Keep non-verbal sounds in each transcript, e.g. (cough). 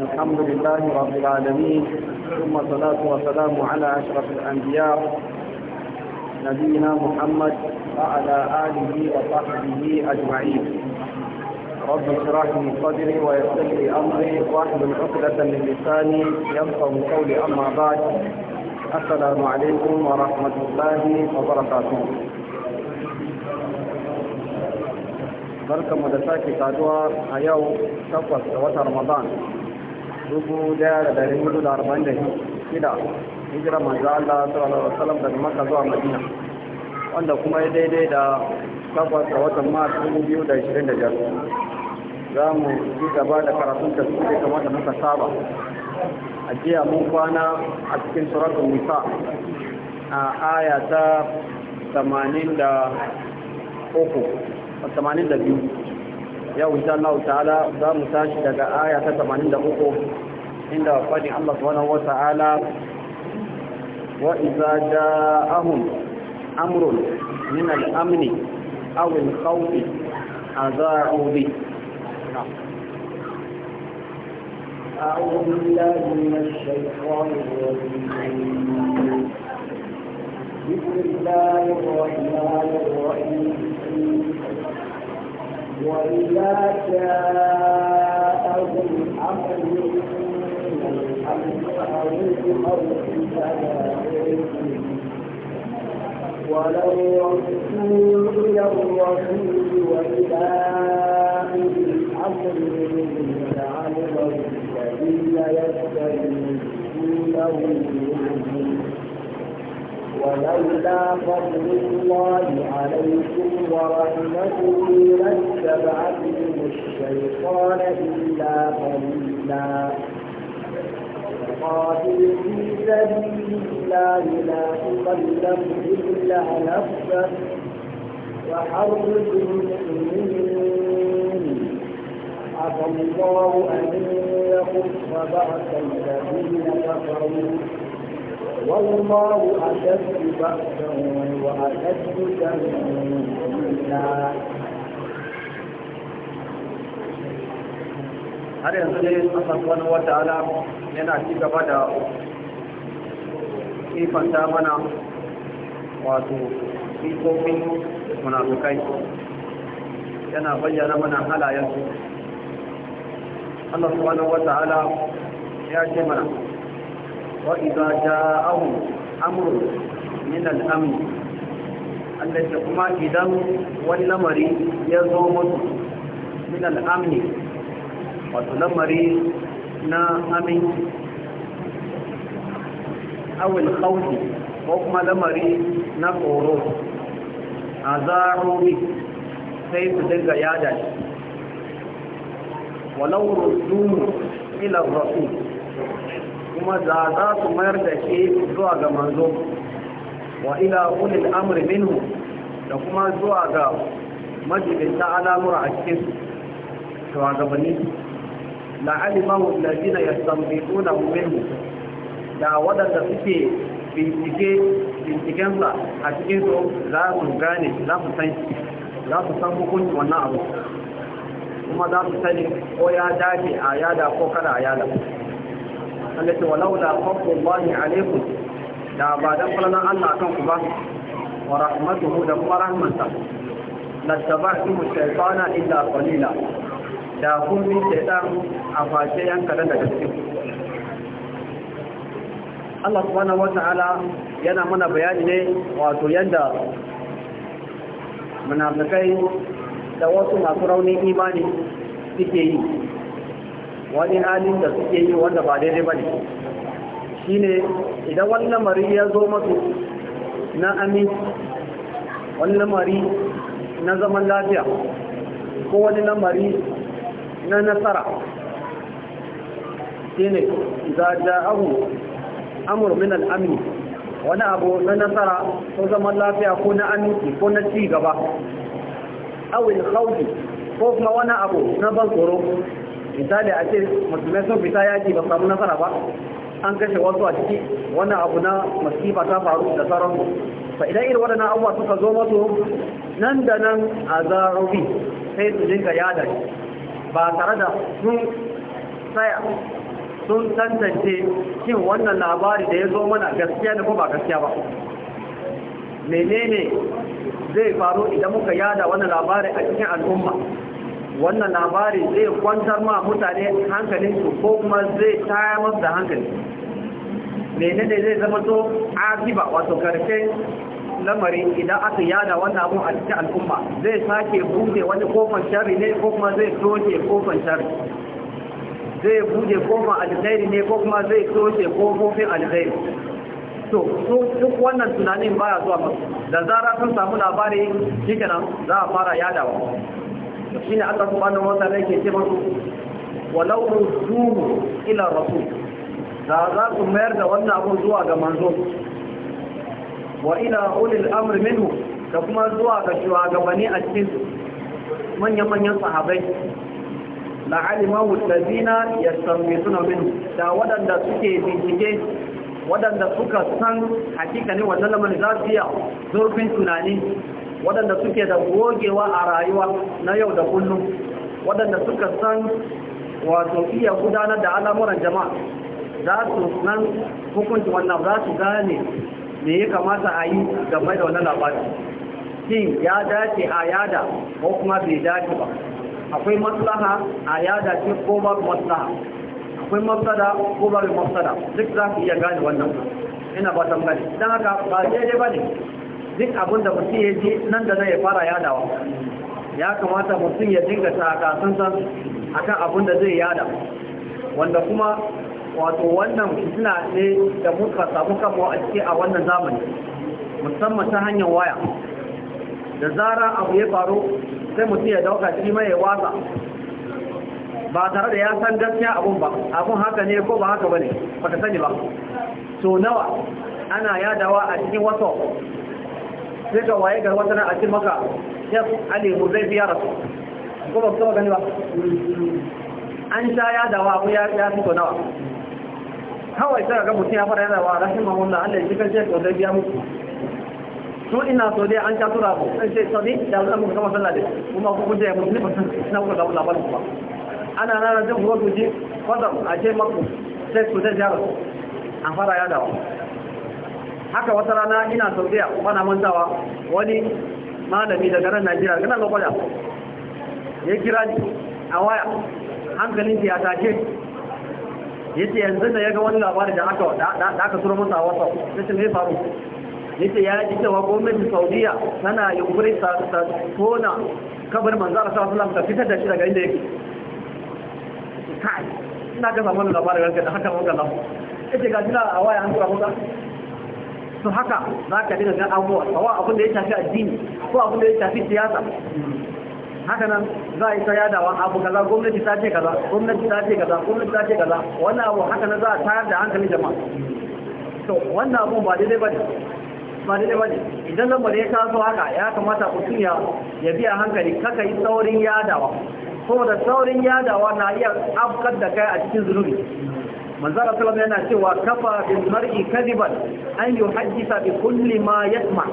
الحمد لله رب العالمين ثم صلاة وسلام على أشرف الأنبياء نبينا محمد وعلى آله وصحبه أجمعين رب اشرح لي صدري ويسر لي أمري واحلل عقدة من لساني يفقه قولي أما بعد السلام عليكم ورحمة الله وبركاته barkanmu da sake saduwa a yau takwas da watan ramadan dubu daya da dari hudu da arba'in da shida hijira manzo Allah sallallahu alaihi wasallam daga Makka zuwa Madina wanda kuma ya daidai da takwas da watan Mars dubu biyu da ishirin da biyar za mu ji gaba da karatun suke kamar da muka saba a jiya mun kwana a cikin suratul nisa a aya ta 83 الثمانين دبيو يو إن الله تعالى ذا مساشد آية الثمانين دبوكو عند وفاد الله سبحانه وتعالى وإذا جاءهم أمر من الأمن أو الخوف أذاعوا به أعوذ بالله من الشيطان الرجيم بسم الله الرحمن الرحيم وإذا جاءهم أمر من الحمد أو الأرض ولو رسول إلى الرسول وإلى أولي الأمر منهم لعلم الذين يستنكرونه منهم ولولا فضل الله عليكم ورحمته لاتبعتم الشيطان إلا قليلا قاتل في سبيل الله لا تقدم إلا نفسك وحرج المؤمنين عفى الله أن يخف بعث الذين كفروا والله أشد بأسا وأشد تنزيلا har yanzu dai Allah subhanahu wa ta'ala yana ci gaba da ifanta mana wato sifofin munafukai yana bayyana mana halayensu Allah subhanahu wa ta'ala ya ce mana وإذا جاءهم أمر من الأمن الذي هما إذا واللمري يزوم من الأمن واللمري نا أمن أو الخوف وكما لمري نا قورو أزاروا به sai su dinga yada shi walau rudu kuma da za su mayar da ke zuwa ga manzo wa ila ulil amri minhu da kuma zuwa ga ta al'amura a cikin shugabanni la'alimahu alladhina yastanbituna minhu da wadanda suke bincike bincikensa a cikin su za su gane za su san za su san hukuncin wannan abu kuma za su sani ko ya dace a yada ko kada a yada sanda ce walaula fadlu Allahi alaikum da ba dan fulanan Allah kan ku ba wa rahmatuhu da kuma rahmansa la tabaqi mushaytana illa qalila da kun bi shaytan a fashe yan kadan da gaske Allah subhanahu wa ta'ala yana mana bayani ne wato yadda munafikai da wasu masu rauni imani suke yi wani halin da suke yi wanda ba daidai ba ne Shi ne, idan wani lamari ya zo masu na aminci wani lamari na zaman lafiya ko wani lamari na nasara Shi ne, za a abu amur min al'amini wani abu na nasara ko zaman lafiya ko na aminci ko na ci gaba awil hauji ko kuma wani abu na ban tsoro misali a ce musulmai sun fita yaki ba samu nasara ba an kashe wasu a ciki wannan abu na masifa ta faru da sauran fa idan irin waɗannan abubuwa suka zo masu nan da nan a zarobi sai su dinga yada ba tare da sun tsaya sun tantance shin wannan labari da ya zo mana gaskiya ne ko ba gaskiya ba menene zai faru idan muka yada wannan labari a cikin al'umma wannan labari zai kwantar ma mutane su, ko kuma zai tayar masu da hankali menene zai zama to akiba wato karshen lamarin idan aka yada wannan abun a cikin al'umma zai sake bude wani kofar shari ne ko kuma zai soke kofar shari zai bude kofar alzairi ne ko kuma zai soke kofofin alkhairi to duk wannan tunanin baya zuwa masu da zara sun samu labari shi za a fara yadawa shine kuma subhanahu wata ta'ala yake ce musu walau rujuhu ila rasul da za ku mayar da wannan abu zuwa ga manzo wa ila ulil amri minhu da kuma zuwa ga shugabanni a cikin manyan manyan sahabbai la ya allazina yastanbituna minhu da wadanda suke bincike wadanda suka san hakika ne wannan lamarin za su iya zurfin tunani waɗanda suke da gogewa a rayuwa na yau da kullum waɗanda suka san wato iya gudanar da al'amuran jama'a za su nan hukunci wannan za su gane me ya kamata a yi game da wannan labari shin ya dace a yada ko kuma bai dace ba akwai maslaha a yada ce ko ba maslaha akwai maslaha, ko ba maslaha. duk za su iya gane wannan ina ba tambari don haka ba daidai ba ne duk abin da mutum ya je nan da zai fara yadawa ya kamata mutum ya dinga takasun san kan abin da zai yada wanda kuma wato wannan suna ne da muka samu kamo a ciki a wannan zamani musamman ta hanyar waya da zara abu ya faru sai mutum ya dauka shi mai waza ba tare da ya san gaskiya abun ba abun haka ne ko ba haka bane ka sani ba so nawa ana yadawa a cikin wasu sai ka waye ga wata a cikin maka shek ali zai biya rasu ko ba kuma gani ba an sha ya dawa abu ya ya fito nawa kawai sai ga mutum ya fara yana wa rahimahullah Allah ya kace ko zai biya muku to ina so dai an ta tura ko sai sai sabi da Allah mun kama sallah dai kuma ku kuje mu ne ba na ku da labarin ba ana nan da ku ku ji fadam a ce maku sai ku zai jara an fara ya dawa haka wata rana ina saudiya bana mantawa wani malami daga nan najeriya gina ga kwada ya kira ni a waya hankalin ya take ya ce yanzu da ya ga wani labarin da aka tura masa wata wasa ya ce mai faru ya ce ya ji cewa gwamnati saudiya tana yunkuri ta tona kabar manzara sa wasu lamta fitar da shi daga inda yake kai ina ga samun labarin da haka wanga lamu ya ce ga jina a waya an tura masa su haka za ka dinga gan abubuwa kawo abinda da ya shafi addini ko abinda da ya shafi siyasa haka nan za a yi ta abu kaza gwamnati ta ce kaza gwamnati ta ce kaza gwamnati ta ce kaza wannan abu haka nan za a tayar da hankalin jama'a to wannan abun ba daidai ba ne ba daidai ba ne idan lamar ya taso haka ya kamata mutum ya ya biya hankali kaka yi saurin yadawa da saurin yadawa na iya afkar da kai a cikin zunubi manzara salama yana cewa kafa bin mar'i kadiban an yi hajjisa bi kulli ma yasma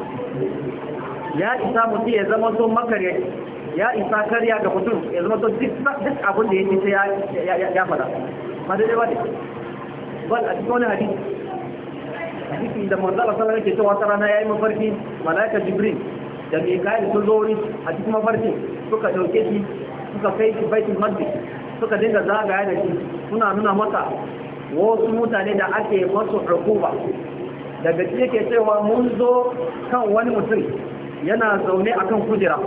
ya isa mutu ya zama to makarya ya isa karya ga mutum ya zama to duk abin da yake sai ya fada ba daidai ba ne bal a cikin wani hadisi hadisi da manzara salama yake cewa ta rana ya yi mafarki malaika jibril da mikael sun zo wuri a cikin mafarki suka ɗauke shi suka kai shi baitul maqdis suka dinga zagaya da shi suna nuna masa wasu mutane da ake masu hukuma daga cikin ke cewa mun zo kan wani mutum yana zaune a kan kujera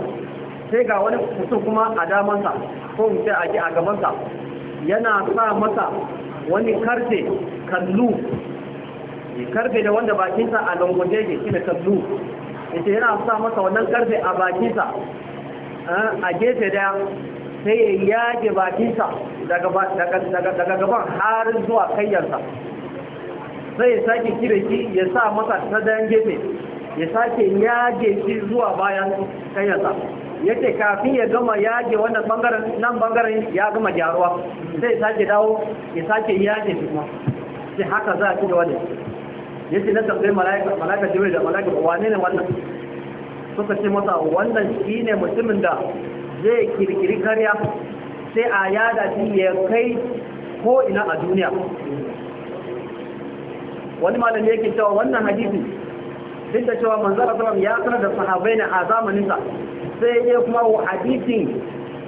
sai ga wani mutum kuma a damansa ko mutum a a gabansa yana sa masa wani karfe kallu karfe da wanda bakinsa a langonje ke shi da kallu ita yana sa masa wannan karfe a bakinsa eh, a gefe daya sai ya yage bakinsa daga gaban har zuwa kayyarsa sai ya sake kira shi ya sa masa ta dayan gefe ya sake yage shi zuwa bayan kayyarsa ce kafin ya gama yage wannan bangaren nan bangaren ya gama gyaruwa Sai ya sake dawo ya sake yage shi kuma sai haka za a ci gaba da ce na tambayi malaika malaika jibril da malaika wane ne wannan suka ce masa wannan shine mutumin da zai kirkiri karya sai a yada shi ya kai ko ina a duniya wani malami yake cewa wannan hadisi duk da cewa manzara salam ya sanar da sahabai ne a zamaninsa sai ya kuma wa hadisi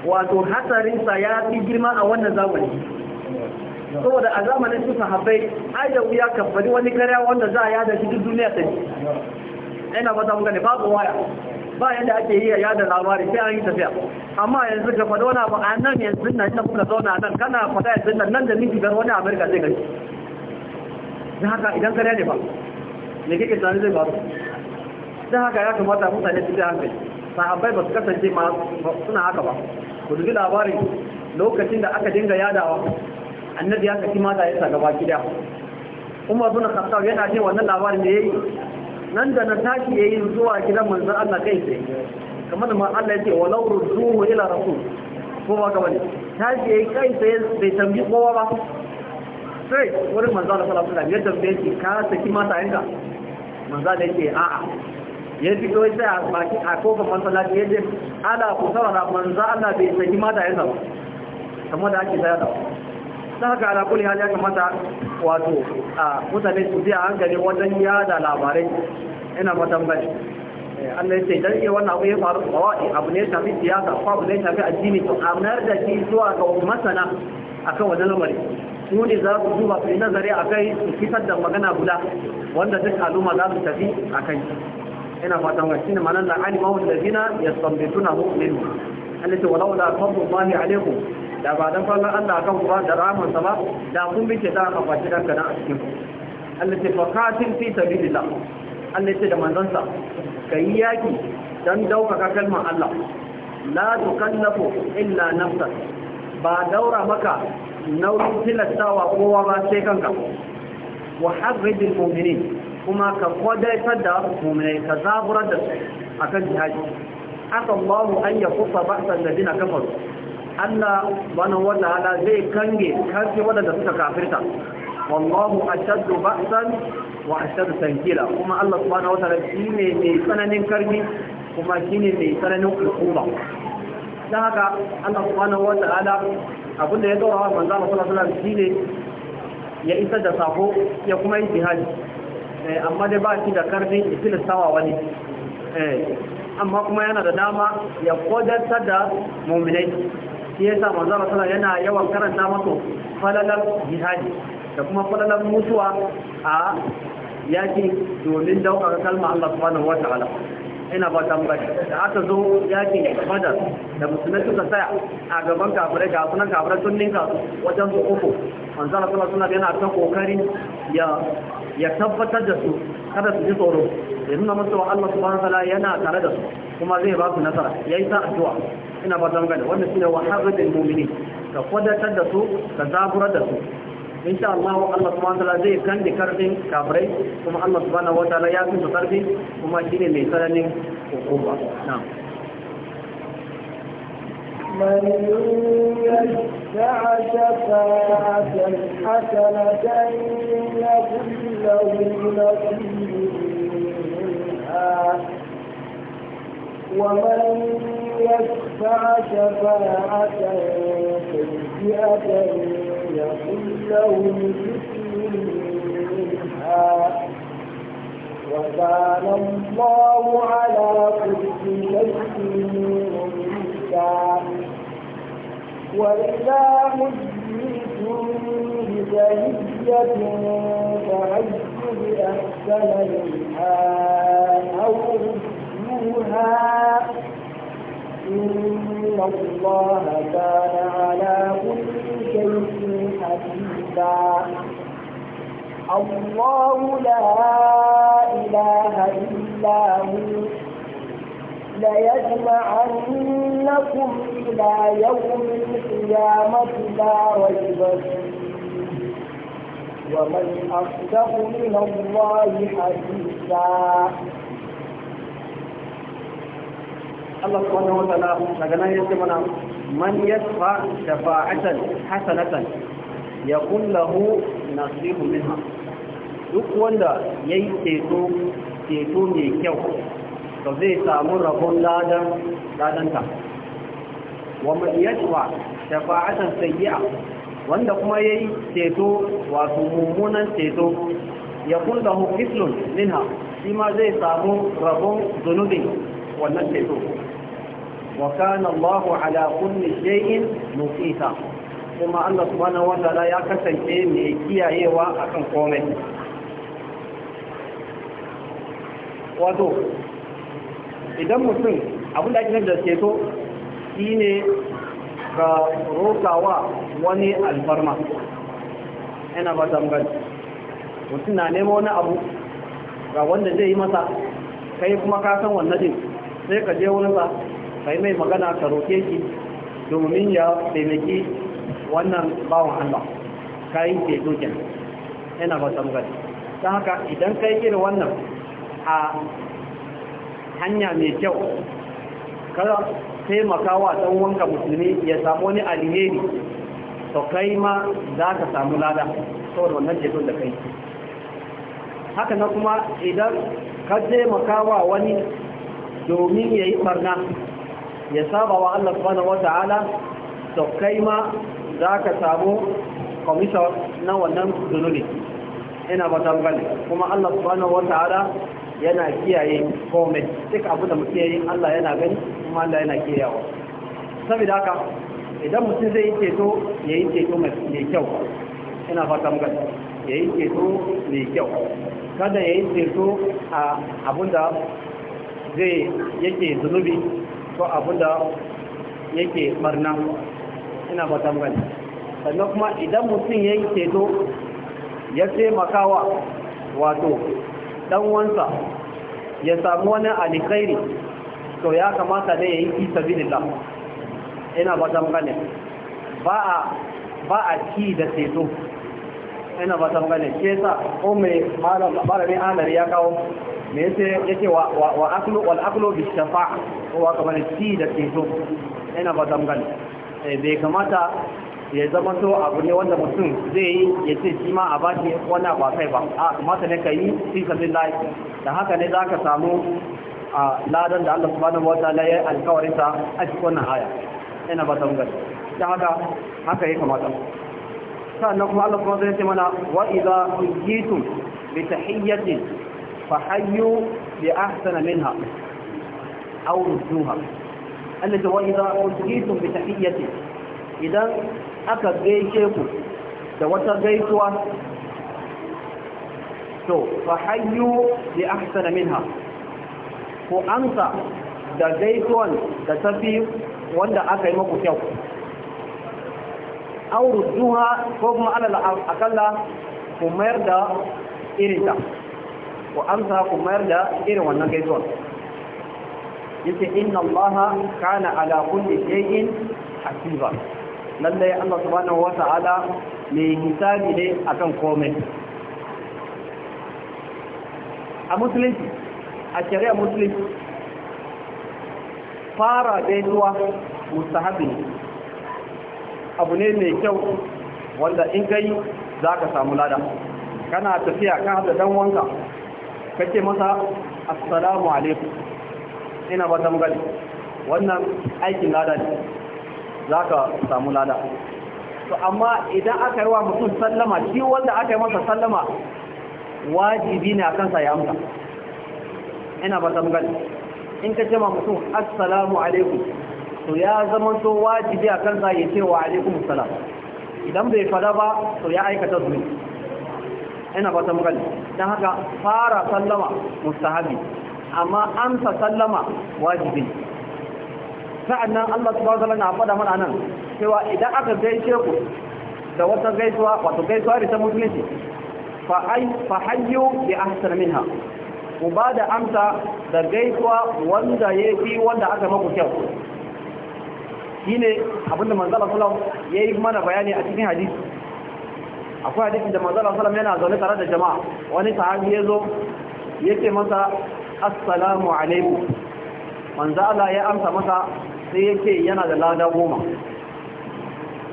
wato hatsarinsa ya fi girma a wannan zamani saboda a zamanin su sahabai ai da wuya kafari wani karya wanda za a yada shi duk duniya ta ina ba za mu gane babu waya ba yadda ake yi a yada labari sai an yi tafiya amma yanzu ka faɗo na ba a nan yanzu nan da kuka zauna nan kana faɗa yanzu nan nan da miki gar wani Amurka zai gari don haka idan kare ne ba me kake tunani zai baro don haka ya kamata mutane su ji hankali sahabbai ba su kasance ma suna haka ba ku dubi labarin lokacin da aka dinga yadawa annabi ya kaki mata ya sa gaba gida umar bin kasar yana jin wannan labarin da yi nan da na tashi yayin zuwa gidan manzon Allah kai sai kamar da ma Allah ya ce walau rudduhu ila rasul ko ba ga wani tashi yi kai sai bai tambi kowa ba sai wurin manzon Allah sallallahu alaihi wasallam ya yake shi ka saki mata yanka manzon Allah ya ce a'a ya fi kawai sai a baki a kofar masallaci yadda ce ala ku saurara manzon Allah bai saki mata yanka ba kamar da ake sayarwa don haka ala kulli hali ya kamata wato a mutane su a hankali wajen yada labarai ina matan bane eh, Allah ya ce dan ke wannan abu ya faru kawai abu ne shafi siyasa ko abu ne shafi addini to amnar da shi zuwa ga masana akan wannan lamari su ne za su duba su yi nazari a kai su fitar da magana guda wanda duk al'umma za su tafi a kai ina fatan shi ne manan da alimawun da zina ya suna hukumin Allah ya ce walau da fadlu ne alaikum da ba fara fallan Allah kan ku da rahman ba da kun bi za a aka kwaci kanka a cikin Allah ce fa qatil fi sabilillah Allah ce da manzon ka yi yaki dan daukaka kalmar Allah la tukallafu illa nafsak ba daura maka nauyin tilastawa kowa ba sai kanka wa harridil mu'minin kuma ka kodaitar da mu'minai ka zaburar da su akan jihadi aka Allahu an yakufa ba'sa alladina kafaru Allah subhanahu wa ta'ala zai kange kange wadanda suka kafirta wallahu ashaddu ba'san wa ashaddu tankila kuma Allah subhanahu wa shine mai tsananin karfi kuma shine mai tsananin hukuma dan haka Allah subhanahu abinda ya dora wa manzo Allah sallallahu alaihi wasallam shine ya isa da sako ya kuma yi jihadi eh, amma dai ba shi da karfin ifilistawa wani eh, amma kuma yana da dama ya kodarta da muminai shi yasa manzo Allah yana yawan karanta masa falalar jihadi da kuma falalar mutuwa a yaki domin daukar kalma Allah subhanahu wataala ina ba tambayi da aka zo yakin badar da musulmai suka tsaya a gaban kafirai ga sunan kafirai sun ninka wajen su uku manzo Allah sallallahu alaihi wasallam yana ta kokarin ya ya tabbatar da su kada su ji tsoro ya nuna musu wa Allah subhanahu yana tare da su kuma zai ba su nasara yayi ta addu'a ina ba zan gane wannan shine wa harradil mu'minin ka kwadatar da su ka zaburar da su insha Allah Allah subhanahu zai kandi karfin kafirai kuma Allah subhanahu wataala ya kunta karfi kuma shine mai tsananin hukuma na'am من يشفع شفاعة حسنة يكن له نصيب منها ومن يشفع شفاعة سيئة يكن له نصيب منها وكان الله على كل شيء مقدارا وإذا مجيتم بتهية فأجوا بأحسن منها أو ردوها إن الله كان على كل شيء حسيبا الله لا إله إلا هو ليجمعنكم إلى يوم القيامة لا ريب ومن أصدق من الله حديثا Allah subhanahu wa ta'ala daga nan yake mana man yasfa shafa'atan hasanatan yaqul lahu nasibu minha duk wanda yayi ceto ceto ne kyau to zai samu rabon ladan ladanta wa man yashfa shafa'atan sayyi'a wanda kuma yayi ceto wato mummunan ceto ya kulla hu kislun minha shi ma zai samu rabon zunubi wannan ceto wa kana bahu ala kulli shay'in muqita kuma Allah subhanahu wa ta'ala ya kasance mai kiyayewa akan komai wato idan mutum abin da ake da ceto shi ne ga rokawa wani alfarma yana ba zamgar mutum na nemo wani abu ga wanda zai yi masa kai kuma ka san wannan din sai ka je wani ba kai mai magana ka roke shi domin ya taimaki wannan bawan Allah kayan ke kenan yana ba zamgar ta haka idan kai irin wannan a hanya mai kyau kada taimakawa ɗan wanka musulmi ya samu wani alheri to kai ma za ka samu lada saboda wannan ceton da kai haka na kuma idan ka taimakawa wani domin ya yi barna ya saba wa Allah subhanahu ta'ala to kai ma za ka samu kwamishon na wannan zunubi ina ba tambali kuma Allah subhanahu ta'ala yana kiyaye komai duk abu da muke yi Allah yana gani kuma Allah yana kiyayewa saboda haka idan mutum zai yi ceto ya yi ceto mai kyau ina fata muka ya yi ceto mai kyau kada ya yi ceto a abinda zai yake zunubi ko abinda yake barna ina fata muka sannan kuma idan mutum ya yi ceto ya taimakawa wato dan wansa ya samu wani alikairi to ya kamata ne yayi fi sabilillah ina ba ta magana ba a ba a ci da ceto ina ba ta magana ke sa ko mai malam barami anar ya kawo me yace yake wa wa aklu wal aklu bi shafa'a ko kamar ci da ceto ina ba ta magana eh, bai kamata ya zama to abu ne wanda mutum zai yi ya ce shi ma a bashi wannan ba kai ba a kamata ne ka yi fi sabin layi da haka ne za ka samu a ladan da Allah subhanahu wa ta'ala ya alkawarin ta a cikin wannan haya, ina ba ta mugari da haka haka ya kamata sannan kuma Allah kuma zai ce mana wa idza ujitum bi tahiyyatin fa hayyu bi ahsana minha aw rudduha Allah ta wa idza ujitum bi tahiyyatin idan aka gaishe ku da wata gaisuwa to fa hayyu bi ahsana minha ku amsa da gaisuwan da tafi wanda aka yi muku kyau aw rudduha ko kuma alal akalla ku mayar da irin ta ku amsa ku mayar da irin wannan gaisuwan yace inna allaha kana ala kulli shay'in hasiba lallai Allah subhanahu ta'ala mai misali ne akan komai a musulunci a shari'a musulunci fara daituwa mustahabi abu ne mai kyau wanda in kai za ka samu lada kana tafiya kan haɗa ɗan wanka kake masa assalamu alaikum ina ba ta wannan aikin lada ne za ka samu lada to amma idan aka yi wa mutum sallama shi wanda aka yi masa sallama wajibi ne a kansa ya amsa ina ba ta mugani in ka jama mutum assalamu alaikum to ya zama to wajibi a kansa ya ce wa alaikum salam idan bai fada ba to ya aikata zuwa ina ba ta mugani don haka fara sallama mustahabi amma amsa sallama wajibi sa'an nan Allah na faɗa mana nan cewa idan aka gaishe ku da wata gaisuwa wato gaisuwa da ta musulunci fa hayyu bi ahsana ha ku ba da amsa da gaisuwa wanda ya fi wanda aka maku kyau shine abinda manzala sallam ya yi mana bayani a cikin hadisi akwai hadisi da manzala sallam yana zaune tare da jama'a wani sahabi ya zo ya ce masa assalamu alaikum manzala ya amsa masa sai ce yana da lada goma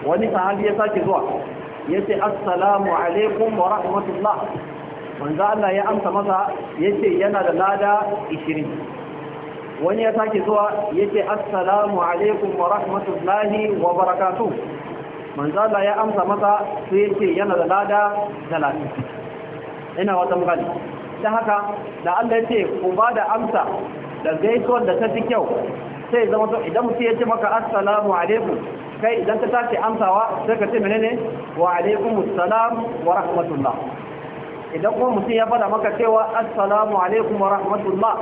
wani sahabi ya sake zuwa ya ce assalamu alaikum wa rahmatullah manzo Allah ya amsa masa ya ce yana da lada 20 wani ya sake zuwa ya ce assalamu alaikum wa rahmatullahi wa barakatuh manzo Allah ya amsa masa sai ya ce yana da lada 30 ina wata mugani ta haka da Allah ya ce ku ba da amsa da gaisuwar da ta fi kyau sai zama to idan mutum ya ce maka assalamu alaikum kai idan ka tashi amsawa sai ka ce menene wa alaikum assalam wa rahmatullah idan kuma mutum ya fada maka cewa assalamu alaikum wa rahmatullah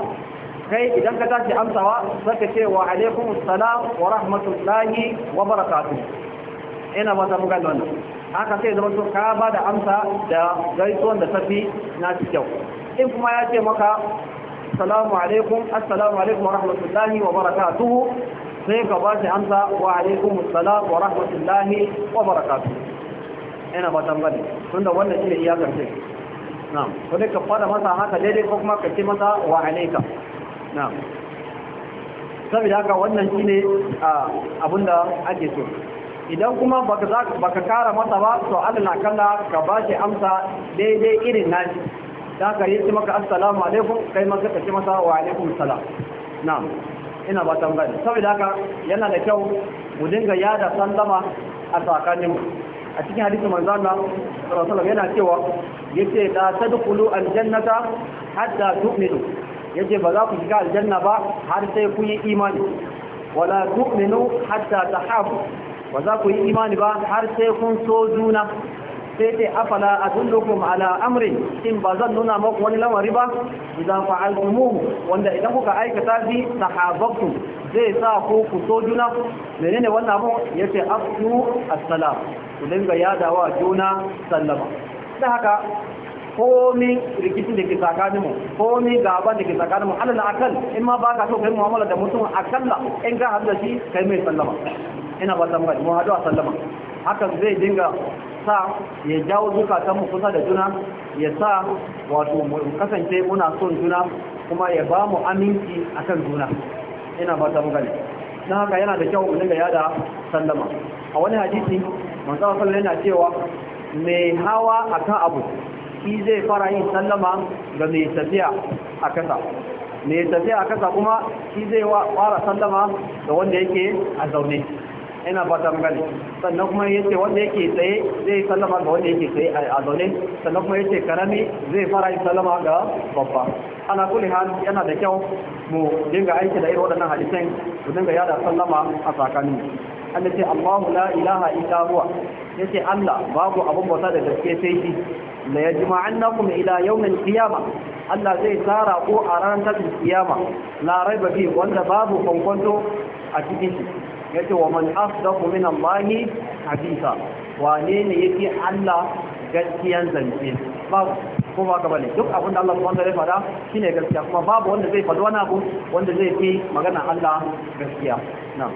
kai idan ka tashi amsawa sai ka ce wa alaikum assalam wa rahmatullahi wa barakatuh ina ba ta muka wannan haka sai zama to ka bada amsa da gaisuwan da tafi na kyau in kuma ya ce maka assalamu alaikum assalamu alaikum wa rahmatullahi wa barakatuhu sai ka ba shi amsa wa alaikum assalam wa rahmatullahi wa barakatuhu ina ba tambari tunda wannan shi ne iyakar ce na'am ko dai ka fada masa haka daidai ko kuma ka ce masa wa alaika na'am saboda haka wannan shi ne abinda ake so idan kuma baka kara masa ba to Allah na kalla ka ba shi amsa daidai irin nashi da haka yi maka assalamu alaikum kai maka ka ce masa wa alaikum salam na'am ina ba ta gani saboda haka yana da kyau mu dinga yada sallama a tsakanin a cikin hadisin manzo Allah sallallahu yana cewa yace la tadkhulu aljannata hatta tu'minu yace ba za ku shiga aljanna ba har sai ku yi imani wala tu'minu hatta tahabu ba za ku yi imani ba har sai kun so juna sai ce afala adullukum ala amri in ba zan nuna maku wani lamari ba idan fa'altumuhu wanda idan kuka aikata shi sahabbakum zai sa ku ku so juna menene wannan abu yace afsu assalam ku dinga yadawa juna sallama da haka komi rikicin da ke tsakanin mu komi gaban da ke tsakanin mu alal akal in ma ba ka so kai mu'amala da mutum akalla in ka hadu da shi kai mai sallama ina ba ta mu hadu a sallama hakan zai dinga sa ya jawo zukatanmu kusa da juna ya sa wato mu kasance muna son juna kuma ya ba mu aminci kan juna ina ba ta mugani don haka yana da kyau mu dinga yada sallama a wani hadisi manzo sallallahu yana cewa mai hawa akan abu shi zai fara yin sallama ga mai tafiya a kasa mai tafiya a kasa kuma shi zai fara sallama ga wanda yake a zaune ina fata sannan kuma ya ce wanda yake tsaye zai sallama ga wanda yake tsaye a zaune sannan kuma ya ce karami zai fara yin sallama ga babba ana kuli hal yana da kyau mu dinga aiki da irin waɗannan hadisan mu dinga yada sallama a tsakanin Allah ce Allahu la ilaha illa huwa ce Allah babu abun bauta da gaske sai shi la yajma'annakum ila yawmil qiyamah Allah zai tsara ko a ranar tashin kiyama la raiba fi wanda babu kwankwanto a cikin shi ce wa man asdaqu min Allah hadisa wane ne yake Allah gaskiyan zance ba ko ba ka bane duk abin da Allah subhanahu wa ta'ala fada shine gaskiya kuma babu wanda zai faɗi wani abu wanda zai fi magana Allah gaskiya na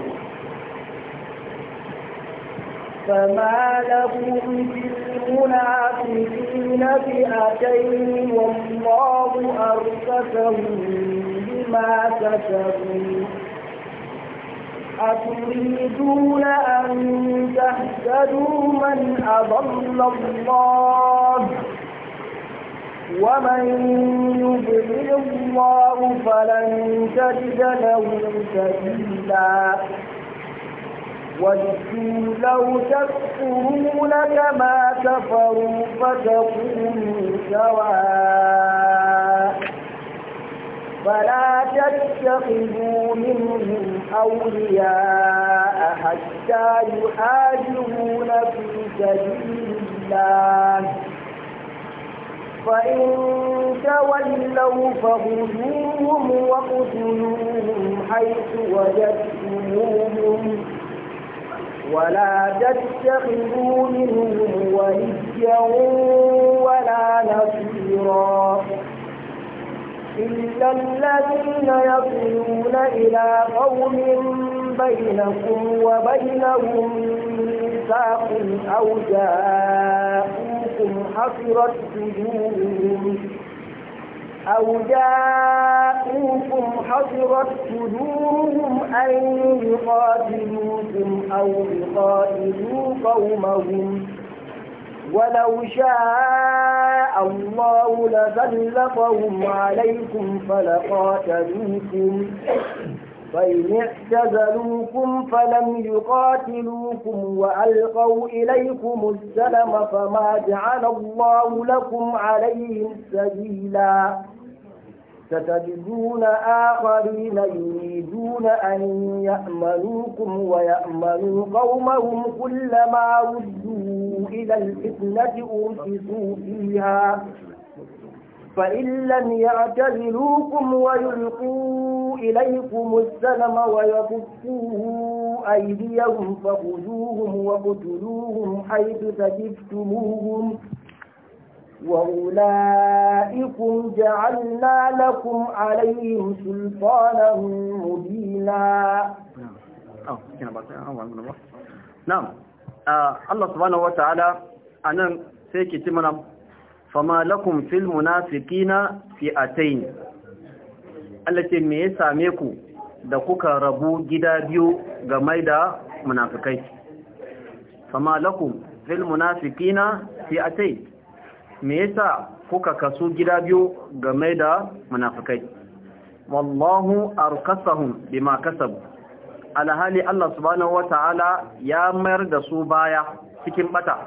فما لكم في المنافقين فئتين والله أركسهم بما كسبوا أتريدون أن تهتدوا من أضل الله ومن يضلل الله فلن تجد له سبيلا ودوا لو تكفرون كما كفروا فتكونوا سواء فلا تتخذوا منهم أولياء حتى يحاجرون في سبيل الله فإن تولوا فخذوهم واقتلوهم حيث وجدتموهم ولا تتخذوا منهم وليا ولا نصيرا إلا الذين يصلون إلى قوم بينكم وبينهم ميثاق أو جاءوكم حصرت صدورهم أو جاءوكم حصرت صدورهم أن يقاتلوكم أو يقاتلوا قومهم ولو شاء الله لذلقهم عليكم فلقاتلوكم فإن اعتزلوكم فلم يقاتلوكم وألقوا إليكم السلم فما جعل الله لكم عليهم سبيلا ستجدون آخرين يريدون أن يأمنوكم ويأمنوا قومهم كلما ردوا إلى الفتنة أرسسوا فيها فإن لم يعتزلوكم ويلقوا إليكم السلم ويكفوا أيديهم فخذوهم وقتلوهم حيث سكفتموهم وأولئكم جَعَلْنَا لَكُمْ عَلَيْهِمْ سُلْطَانًا مُّبِينًا نعم الله سبحانه وتعالى أنا سيكي تمنا فما لكم في المنافقين فئتين التي ميسا ميكو da kuka rabu gida biyu game da munafikai fama lakum fil munafiqina me yasa kuka kasu gida biyu game da munafikai wallahu arqasahum bima ala hali Allah subhanahu wataala ya mayar da su baya cikin bata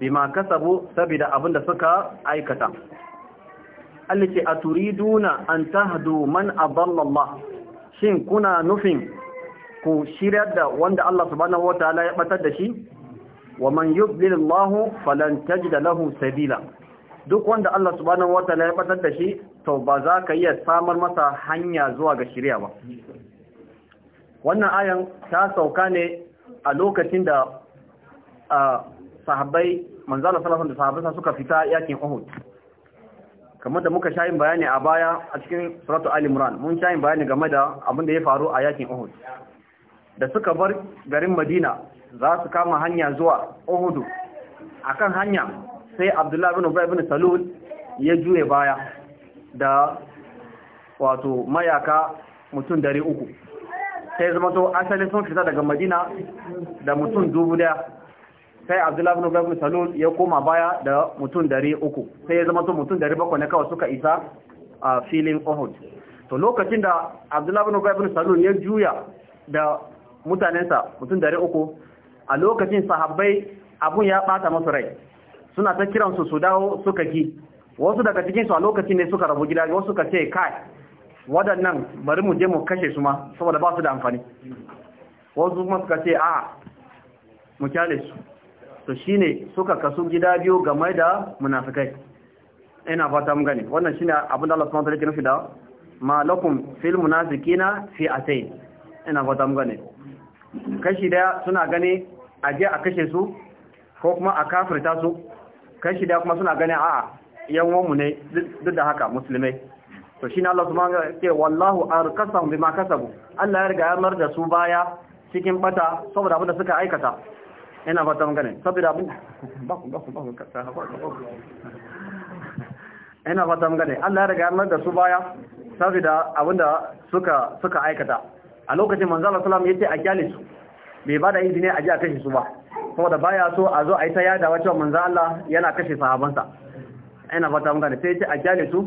bima kasabu saboda abinda suka aikata allati ce aturiduna an tahdu man adalla Allah shin kuna nufin ku shiryar da wanda Allah subhanahu wataala ya batar da shi wa man yudlil Allah falan tajida lahu sabila duk wanda Allah subhanahu wataala ya batar da shi to ba za ka iya samar masa hanya zuwa ga shari'a ba wannan ayan ta sauka ne a lokacin da sahabbai manzala sallallahu alaihi wasallam suka fita yakin Uhud kamar da muka shayin bayani a baya a cikin suratu Ali Imran mun shayin bayani game da abin da ya faru a yakin Uhud da suka bar garin Madina za su kama hanya zuwa Uhudu akan hanya sai Abdullahi bin Ubay bin Salul ya juye baya da wato mayaka mutum dari uku sai zama to asali sun fita daga Madina da mutum dubu daya sai Abdullahi bin Ubay bin Salul ya koma baya da mutum dari uku sai ya zama to mutum dari bakwai ne kawai suka isa a filin Uhud to lokacin da Abdullahi bin Ubay bin Salul ya juya da mutanensa mutum dari uku a lokacin sahabbai abun ya bata masu rai suna ta kiransu su dawo suka ki wasu daga cikinsu a lokacin ne suka rabu gida wasu suka ce kai waɗannan bari mu je mu kashe su ma saboda ba su da amfani wasu kuma suka ce a mu kyale su to shine suka kasu gida biyu game da munafikai ina fata mun gane wannan shine abin da Allah subhanahu wa ta'ala yake nufi da ma lakum fil munafiqina fi atay ina fata mun gane kashi daya suna gane a je a kashe su ko kuma a kafirta su kashi daya kuma suna gane a yan mu ne duk da haka musulmai to shine Allah subhanahu wa ce wallahu arkasahum bima kasabu Allah ya riga ya mar da su baya cikin bata saboda abin da suka aikata ina fata mun gane saboda abin ba ku ba ku ba ku ina fata mun gane Allah ya riga ya mar da su baya saboda abin da suka suka aikata a lokacin manzala salam ya ce a kyale su bai bada izini a ji a kashe su ba saboda baya so a zo a yi ta yada wacewa wa Allah yana kashe sahabansa ina fata mun gane sai ce a kyale su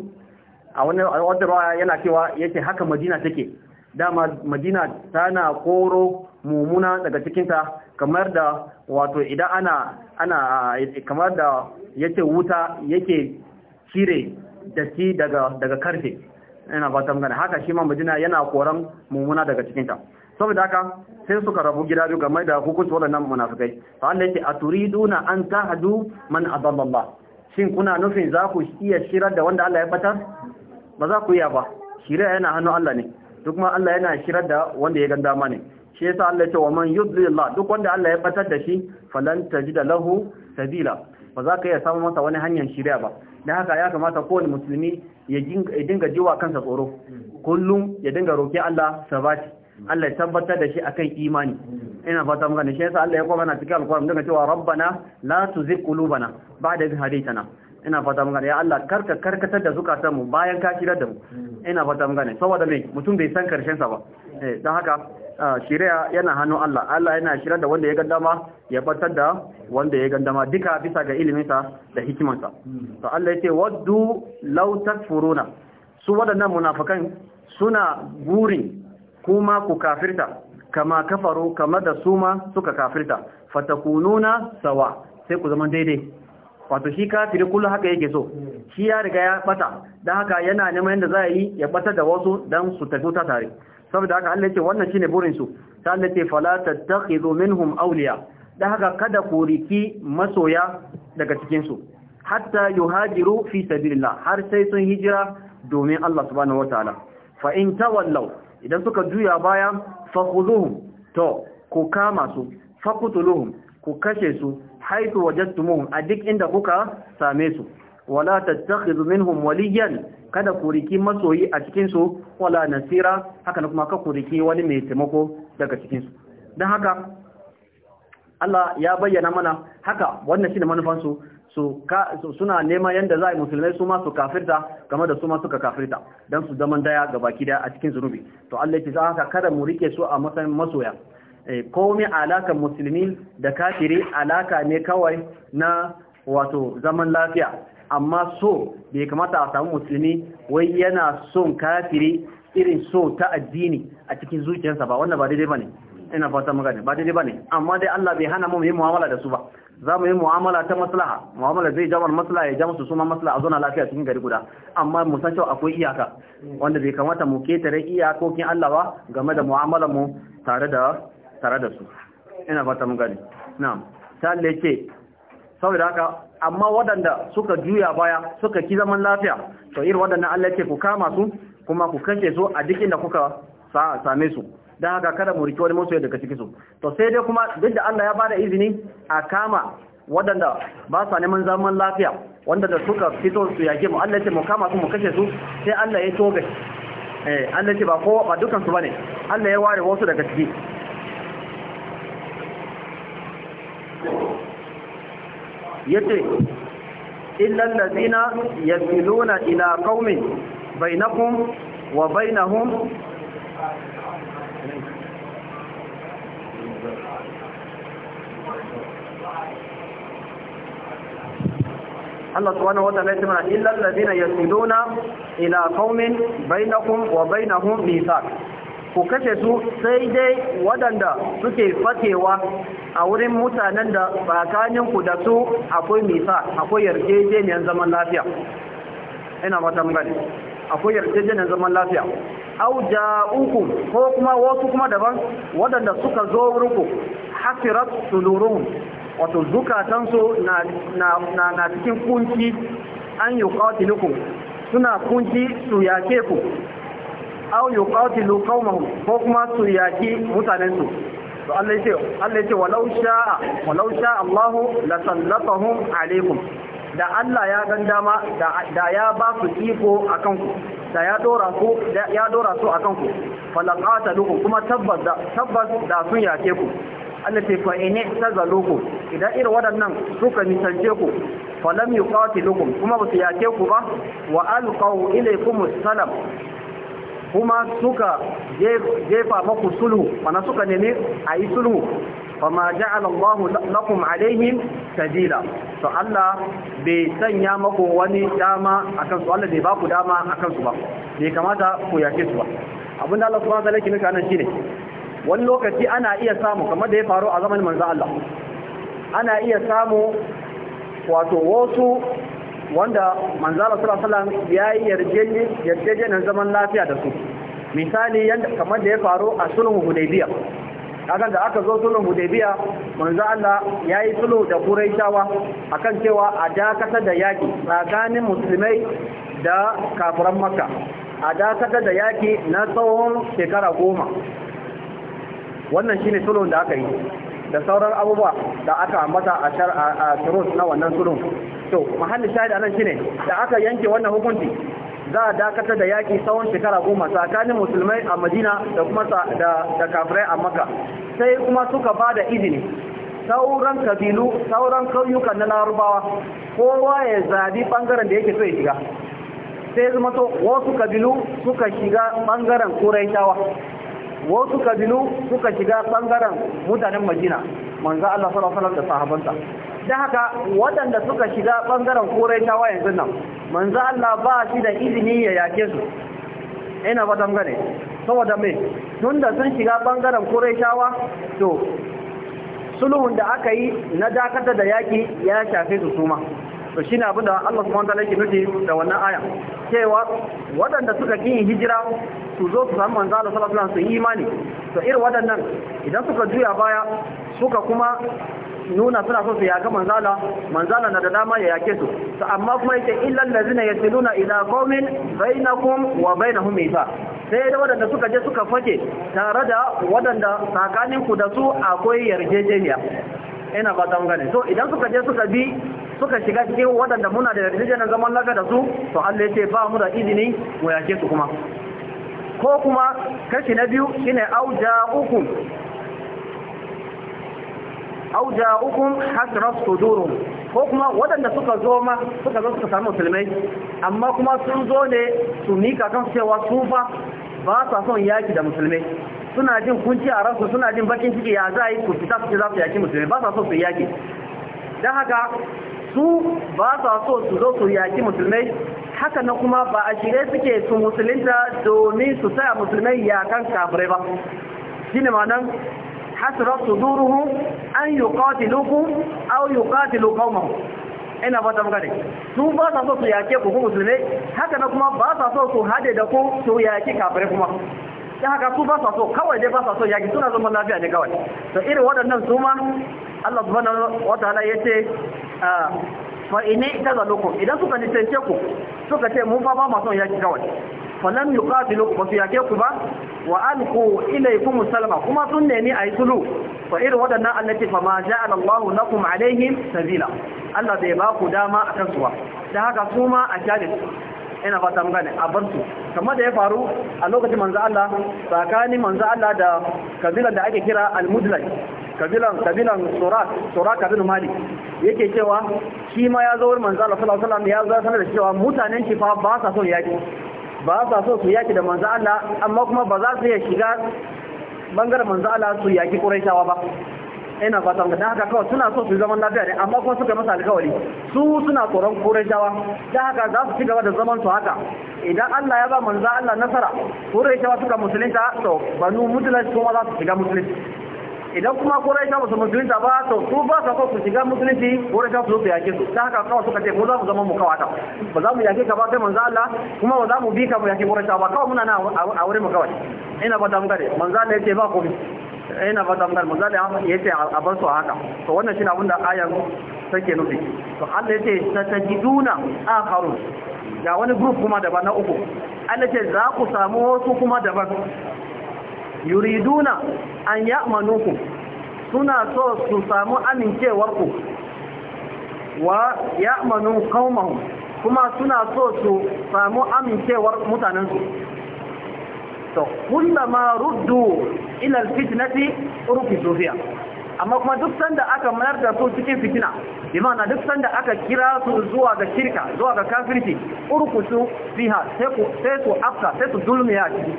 a wani wata rawa yana cewa ce haka Madina take dama Madina tana koro mummuna daga cikinta kamar da wato idan ana ana kamar da ya ce wuta yake cire dasi daga daga karfe ina ba ta magana haka shi ma majina yana koran mumuna daga cikin ta saboda haka sai suka rabu gida biyu game da hukunci waɗannan munafikai fa Allah yake aturiduna an tahdu man adalla shin kuna nufin za ku iya shirar da wanda Allah ya bata ba za ku iya ba shirya yana hannu Allah ne duk ma Allah yana shirar da wanda ya ganda ma shi yasa Allah ya ce wa man yudlil duk wanda Allah ya batar da shi falan da lahu sabila ba za ka iya samun masa wani hanyar shirya ba don haka ya kamata kowane musulmi ya dinga jiwa kansa tsoro kullum ya dinga roƙi Allah sabati Allah ya tabbatar da shi akan imani ina fata muka ne shi yasa Allah ya kuma na cikin alƙur'ani dinga cewa rabbana la tuzigh qulubana ba'da idh hadaytana ina fata muka ne ya Allah karka karkatar da zukatan mu bayan ka shirar da mu ina fata muka ne saboda me mutum bai san karshen sa ba eh don haka Shirya yana hannun Allah Allah yana shirar da wanda ya gandama ya batar da wanda ya gandama duka bisa ga iliminsa da hikimansa to Allah ce waddu lautar takfuruna su waɗannan munafakan suna burin kuma ku kafirta kama kafaru kama da suma suka kafirta fatakununa sawa sai ku zama daidai wato shi ka kafiri kullum haka yake so shi ya riga ya bata don haka yana neman yadda za a yi ya bata da wasu don su tafi ta tare saboda haka Allah ce wannan shine burin su ta Allah fala tattakhidhu minhum awliya da haka kada ku riki masoya daga cikin su hatta yuhajiru fi sabilillah har sai sun hijira domin Allah subhanahu wataala fa in tawallaw idan suka juya baya fakhuduhum to ku kama su fakutuluhum ku kashe su haitu wajadtumuhum a duk inda kuka same su wala tattakhidhu minhum waliyan kada ku riki masoyi a cikin su wala nasira haka kuma ka ku riki wani mai taimako daga cikin su dan haka Allah ya bayyana mana haka wannan shine manufan su su suna neman yanda za a yi musulmai su ma su kafirta game da su ma suka kafirta dan su zaman daya ga baki daya a cikin zunubi to Allah ya haka kada mu rike su a matsayin masoya eh, komai alaka musulmi da kafiri alaka ne kawai na wato zaman lafiya amma so bai kamata a samu musulmi wai yana son kafiri irin so ta addini a cikin zuciyarsa ba wannan ba daidai bane ina fata muka ne ba daidai bane amma dai Allah bai hana mu yi mu'amala da su ba za mu yi mu'amala ta maslaha mu'amala zai jamar maslaha ya ja su suma maslaha a zona lafiya cikin gari guda amma mu san cewa akwai iyaka wanda bai kamata mu ketare iyakokin Allah ba game da mu'amalar mu tare da tare da su ina fata muka ne na'am ta lake saboda haka amma waɗanda suka juya baya suka ki zaman lafiya to irin waɗannan Allah yake ku kama su kuma ku kashe su a duk inda kuka same su Dan haka kada mu riki wani masoyi daga cikin su to sai dai kuma duk da Allah ya bada izini a kama waɗanda ba sa neman zaman lafiya wanda da suka fito su yake mu Allah ya ce mu kama su mu kashe su sai Allah ya toga eh Allah ya ba kowa ba dukan su bane Allah ya ware wasu daga ciki yace illal ladina yasiluna ila qaumin bainakum wa bainahum Allah subhanahu wataala yasema illal ladina yasiluna ila qaumin bainakum wa bainahum mithaq ku kashe su sai dai waɗanda suke fatewa a wurin mutanen da tsakaninku da su akwai misa akwai yarjejeniyar zaman lafiya ina matan gani akwai yarjejeniyar zaman lafiya au uku ko kuma wasu kuma daban waɗanda suka zo ruku, hasirat suluruhum wato zukatansu na na, cikin kunci an yi yuqatilukum suna kunci su yake ku aw yuqatilu qaumahum ko kuma su yaki mutanen su to Allah yace Allah yace walau sha'a walau sha'a Allah la sallatahum alaikum da Allah ya gan dama da ya ba su iko akan ku da ya dora ku ya dora su akan ku falaqatalukum kuma tabbas da tabbas da sun yake ku Allah ce fa ine tazaluku idan irin waɗannan suka misalce ku falam yuqatilukum kuma ba su yake ku ba wa alqaw ilaykum salam kuma suka jefa maku sulhu mana suka nemi a yi sulhu fama ja'ala Allah lakum alaihim sabila to Allah bai sanya maku wani dama akan su Allah bai ba ku dama akan su ba bai kamata ku yake su ba abin da Allah subhanahu wa ta'ala ke shine wani lokaci ana iya samu kamar da ya faru a zamanin manzo Allah ana iya samu wato wasu wanda manzala sallallahu alaihi ya yi yarjejeniyar zaman lafiya da su misali kamar da ya faru a sulhu hudaybiya kaga da aka zo sulhu hudaybiya manzo Allah ya yi sulhu da quraishawa akan cewa a dakatar da yaki tsakanin musulmai da kafiran makka a dakatar da yaki na tsawon shekara goma wannan shine sulhun da aka yi da sauran abubuwa da aka ambata a shirus na wannan surun to muhalli shahid anan shine da aka yanke wannan hukunci za a dakatar da yaki tsawon shekara goma tsakanin musulmai a madina da kuma da kafirai a makka sai kuma suka ba da izini sauran kabilu sauran kauyukan na larubawa kowa ya zabi bangaren da yake so ya shiga sai zama to wasu kabilu suka shiga bangaren kuraitawa wasu kabilu suka shiga ɓangaren mutanen madina manzo Allah sallallahu alaihi da sahabbansa dan haka waɗanda suka shiga bangaren quraishawa yanzu nan manzo Allah ba shi da izini ya yake su ina dan gane saboda me da sun shiga bangaren quraishawa to sulhun da aka yi na dakata da yaki ya shafe su suma to shi abin da Allah su wataala laiki nufi da wannan aya cewa waɗanda suka kin hijira su zo su sami manzo Allah sallallahu alaihi wasallam su yi imani to irin waɗannan idan suka juya baya suka kuma nuna suna so su yaga manzala manzala na da dama ya yake su to amma kuma yake illal ladzina yasiluna ila qaumin bainakum wa bainahum mita sai da waɗanda suka je suka fake tare da waɗanda tsakaninku da su akwai yarjejeniya ina ba ta gane so idan suka je suka bi suka shiga cikin waɗanda muna da na zaman laka da su to Allah ya ce ba mu da izini mu yake su kuma ko kuma kashi na biyu shine auja ukum auja ukum hasras sudurum ko kuma waɗanda suka zo ma suka zo suka samu musulmai amma kuma sun zo ne su nika kan cewa su fa ba sa son yaki da musulmai suna jin kunci a ransu suna jin bakin ciki ya zai yi ku fita su ce za su yaki musulmai ba sa son su yaki don haka su ba sa so su zo su yaki musulmai haka na kuma ba a shirye suke su musulunta domin su sa musulmai yakan kafirai ba shi shine ma'anan su duruhu an yi lukun au yi yuqatilu qaumahum ina fata muka ne su ba sa so su yake ku musulmai haka na kuma ba sa so su hade da ku su yaki kafirai kuma ta haka su ba sa so kawai dai ba sa so yaki suna zama lafiya ne kawai to irin waɗannan su ma Allah subhanahu wa ta'ala yace Ah. fa ine ga zalukum idan suka nisance ku suka ce mun fa ba mu son yaki kawai fa lam yuqatilukum ba su yake ku ba wa alqu ilaykum salama kuma sun ni ayi sulu fa irin wadannan allati fa ma ja'ala Allahu lakum alaihim sabila Allah bai ba ku dama akan su ba dan haka su ma a jale ina fata mun gane a bar su kamar da ya faru a lokacin manzo Allah tsakanin manzo Allah da kabila da ake kira al-mudlaj kabilan kabilan surat surat kabilan malik yake cewa shi ma ya zo wurin manzo Allah sallallahu alaihi wasallam ya zo sanar da cewa mutanen shi fa ba sa son yaki ba sa so su yaki da manzo Allah amma kuma ba za su iya shiga bangaren manzo Allah su yaki Quraishawa ba ina fatan da haka kawai suna so su zaman lafiya ne amma kuma suka masa alkawari su suna tsoron Quraishawa da haka za su ci gaba da zaman su haka idan Allah ya ba manzo Allah nasara Quraishawa suka musulunta to banu mudlas kuma za su shiga musulunci idan kuma quraisha ba su a ba to su ba su ku shiga musulunci quraisha su zo yake su ta haka kawai suka ce mu za mu zama mu kawata ba za mu yake ka ba kai manzo Allah kuma ba za mu bi ka mu yake quraisha ba kawai muna na a wurin mu kawai ina ba ta manza gare manzo Allah yake ba komai ina ba ta manza gare manzo Allah yake a bar su haka to wannan shine abin da ayan take nufi to Allah yake satajiduna akharu ga wani group kuma daban na uku Allah ce za ku samu wasu kuma daban yuriduna an ya'manuku suna so su samu amincewarku wa ya'manu qaumahum kuma suna so su samu amincewar mutanensu to kullama ruddu ila alfitnati urfitu fiha amma kuma duk sanda aka mayar da su cikin fitina imana duk sanda aka kira su zuwa ga shirka zuwa ga kafirci urkusu fiha sai ku sai ku afka sai ku dulmiya ciki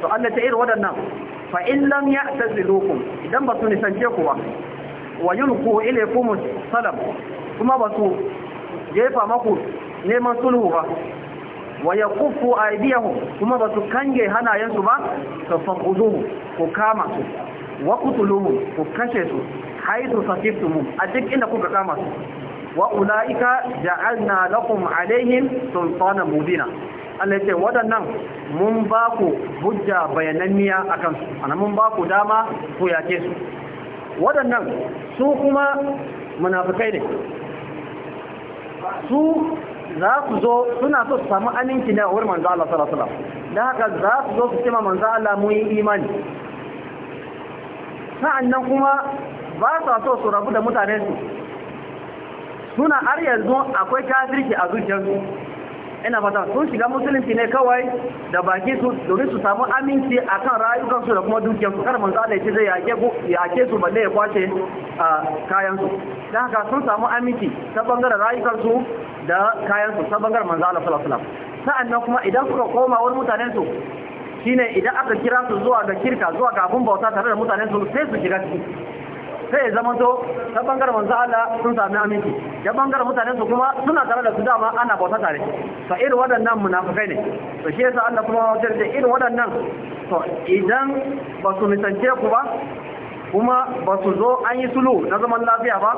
to Allah ta irin waɗannan fa in lam ya'tazilukum idan ba su nisance ku ba wa yulqu ilaykum salam kuma ba su jefa maku neman sulhu ba wa yaqufu aydiyahum kuma ba su kange hanayensu ba to faquduhu ku kama su wa qutuluhu ku kashe su haythu saqiftum a duk inda kuka kama su wa ulaika ja'alna lakum alaihim sultanan mubina Allah ce waɗannan mun ba ku hujja bayananniya a kansu ana mun ba ku dama ku yake su waɗannan su kuma munafukai ne su za su zo suna so su samu aminci ne a wurin manzo Allah sallallahu Da haka za su zo su cima manzo Allah mun yi imani sa'annan kuma ba sa so su rabu da mutanen su suna har yanzu akwai kafirki a zuciyarsu ina fata sun shiga musulunci ne kawai da baki su domin su samu aminci akan rayukansu da kuma dukiyarsu kar manzo Allah ya ce zai yake su balle ya kwace kayansu dan haka sun samu aminci ta bangaren rayukansu da kayansu ta bangaren manzo Allah sallallahu alaihi wasallam sa'annan kuma idan suka koma wurin mutanen su shine idan aka kira su zuwa ga kirka zuwa ga abun bauta tare da mutanen su sai su shiga ciki sai ya zama to ta bangaren manzo Allah sun sami aminci ya bangaren mutanen su kuma suna tare da su dama ana bauta tare fa irin waɗannan munafikai ne to shi yasa Allah kuma ya ce irin waɗannan to idan ba su nisance ku ba kuma ba su zo an yi sulu na zaman lafiya ba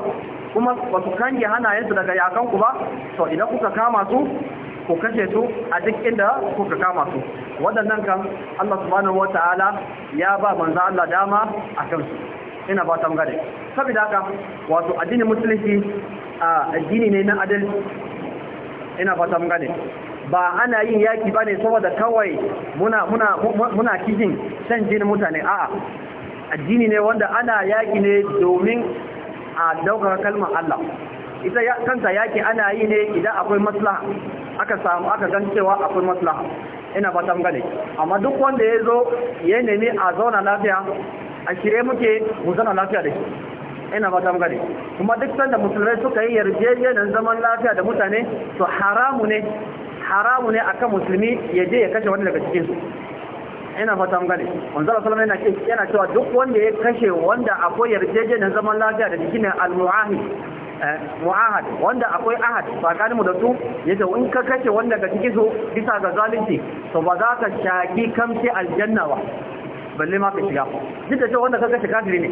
kuma ba su kange hannayensu daga ku ba to idan kuka kama su ku kashe su a duk inda kuka kama su waɗannan kan Allah subhanahu wa ta'ala ya ba manzo Allah dama a kansu ina ba ta magana saboda haka wato addinin musulunci a addini ne na adal ina ba ta magana ba ana yin yaki bane saboda kawai muna muna muna kishin san jinin mutane a'a addini ne wanda ana yaki ne domin a daukar kalmar Allah ita kanta yaki ana yi ne idan akwai maslaha aka samu aka gan cewa akwai maslaha ina fata mun gane amma duk wanda ya zo ya nemi a zauna lafiya a shirye muke mu zana lafiya da shi ina ba ta gane kuma duk sanda musulmai suka yi yarjejeniyar zaman lafiya da mutane to haramu ne haramu ne akan musulmi ya je ya kashe wani daga cikin su ina fata mun gane manzo Allah sallallahu alaihi yana cewa duk wanda ya kashe wanda akwai yarjejeniyar zaman lafiya da cikin al-mu'ahid eh, mu'ahad wanda akwai ahad tsakaninmu da su ce in ka kashe wanda daga cikin su bisa ga zalunci to ba za ka shaki kamshi aljanna ba balle ma ka shiga duk da cewa wanda kaga shiga kafiri ne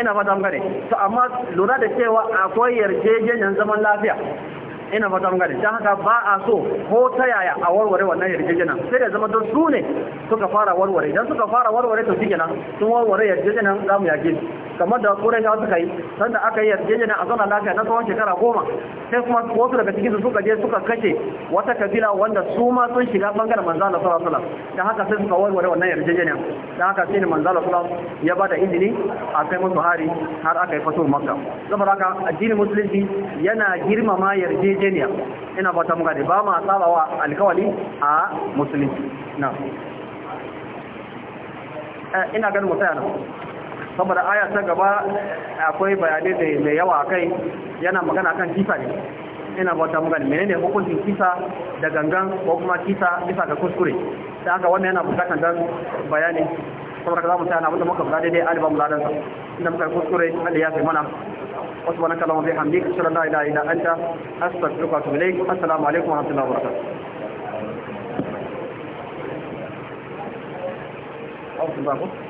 ina fata mun gane to amma lura da cewa akwai yarjejeniyar zaman lafiya ina fata mun gane dan haka ba a so ko ta yaya a warware wannan yarjejeniyar sai da zama don su ne suka fara warware idan suka fara warware to shikenan sun warware yarjejeniyar zamu yake kamar da Qurayshawa suka yi sanda aka yi yarjejeniya a zona lafiya na tsawon shekara goma sai kuma wasu daga cikin su suka je suka kashe wata kabila wanda su ma sun shiga bangaren manzo Allah sallallahu alaihi wasallam da haka sai suka warware wannan yarjejeniya da haka sai manzo Allah sallallahu alaihi wasallam ya bada izini a kai musu hari har aka yi fatuwar Makka saboda haka addinin musulunci yana girmama yarjejeniya ina fata muka da ba ma tsabawa alkawali a musulunci na eh, ina ganin mutane nan saboda aya ta gaba akwai bayanai da mai yawa kai yana magana kan kisa ne ina bauta magana menene hukuncin kisa da gangan ko kuma kisa bisa ga kuskure ta haka wannan yana bukatar dan bayani saboda kaza mu tsaya na muka fara dai alifa mu ladan inda muka kuskure Allah ya sai mana wasu wani kalama bai hamdi kashe da ilaha illa anta astaghfiruka wa atubu ilaik assalamu alaikum wa rahmatullahi wa barakatuh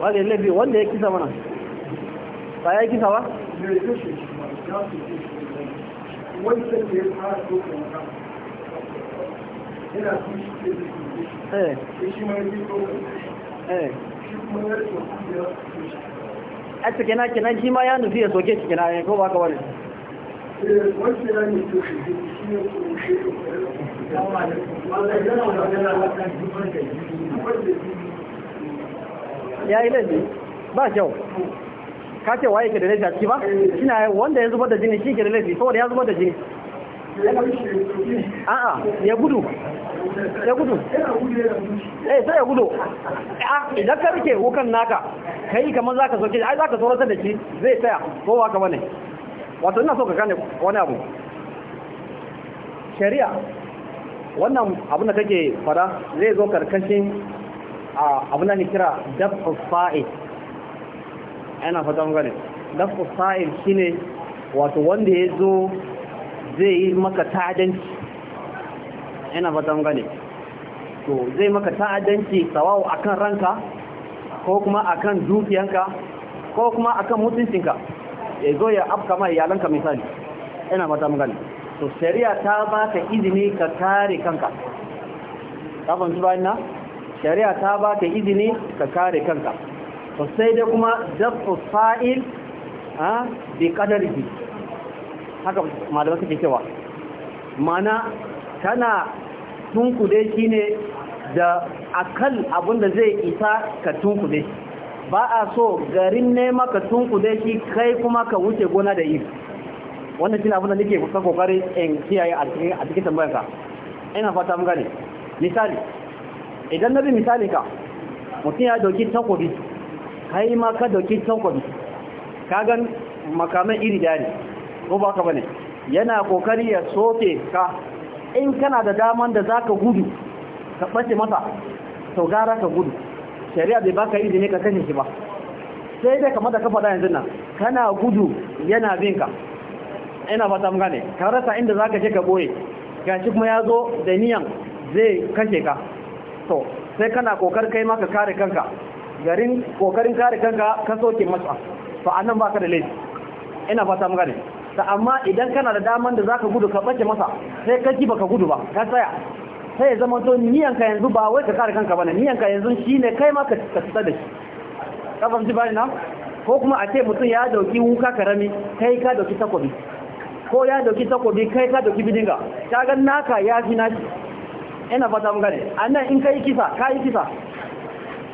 wale laifi wanda ya kisa mana ba ya kisa ba? ne Eh. eh. a shi ma ya nufi ya soke cikin na eh, ba ka wani ya yi laifi ba kyau ka ce waye ke da laifi a ciki ba shina wanda ya zubar da jini shi ke da laifi saboda ya zubar da jini a a ya gudu ya gudu eh sai ya gudu a ah, idan ka rike wukan naka kai kamar za ka soke ai za ka tsoratar da shi zai tsaya ko ba ka bane wato ina so ka gane wani abu shari'a wannan abin da take fara zai zo karkashin abin da ni kira dafu fa'il ana fata mun gane dafu fa'il shine wato wanda ya zo zai yi maka ta'adanci ana fata mun gane to zai maka ta'adanci sawawu akan ranka ko kuma akan dukiyanka ko kuma akan mutuncinka ya zo ya afka ma iyalanka misali ina mata magana to shari'a ta baka izini ka kare kanka ka fahimci bayan na shari'a ta baka izini ka kare kanka to sai dai kuma dafu fa'il a bi haka malamai suke cewa mana tana tunkude shi ne da akal abinda zai isa ka tunkude shi ba a so garin ne maka tunkude shi kai kuma ka wuce gona da yi wannan shi abin da nake kusa kokari in kiyaye a cikin tambayarka ina fata mun gane misali idan na bi misali ka mutum ya doki takobi kai ma ka doki takobi ka gan makaman iri da ne ko ba ka bane yana kokari ya soke ka in kana da daman da zaka gudu ka bace masa to gara ka gudu shari'a bai baka izini ka kashe shi ba sai dai kamar da ka faɗa yanzu nan kana gudu yana bin ka ina fata mun gane ka rasa inda zaka je ka boye shi kuma ya zo da niyan zai kashe ka to sai kana kokar kai maka kare kanka garin kokarin kare kanka ka soke masa to anan baka da laifi ina fata mun gane amma idan kana da daman da zaka gudu ka bace masa sai ka ji baka gudu ba ka tsaya sai ya zama to niyanka yanzu ba wai ka kare kanka bane niyanka yanzu shine kai ma ka tsada da shi kafan ji bani na ko kuma a ce mutum ya dauki wuka karami kai ka dauki takobi ko ya dauki takobi kai ka dauki bidinga ta ga naka ya fi nashi ina fata mun gane annan in kai kisa kai kisa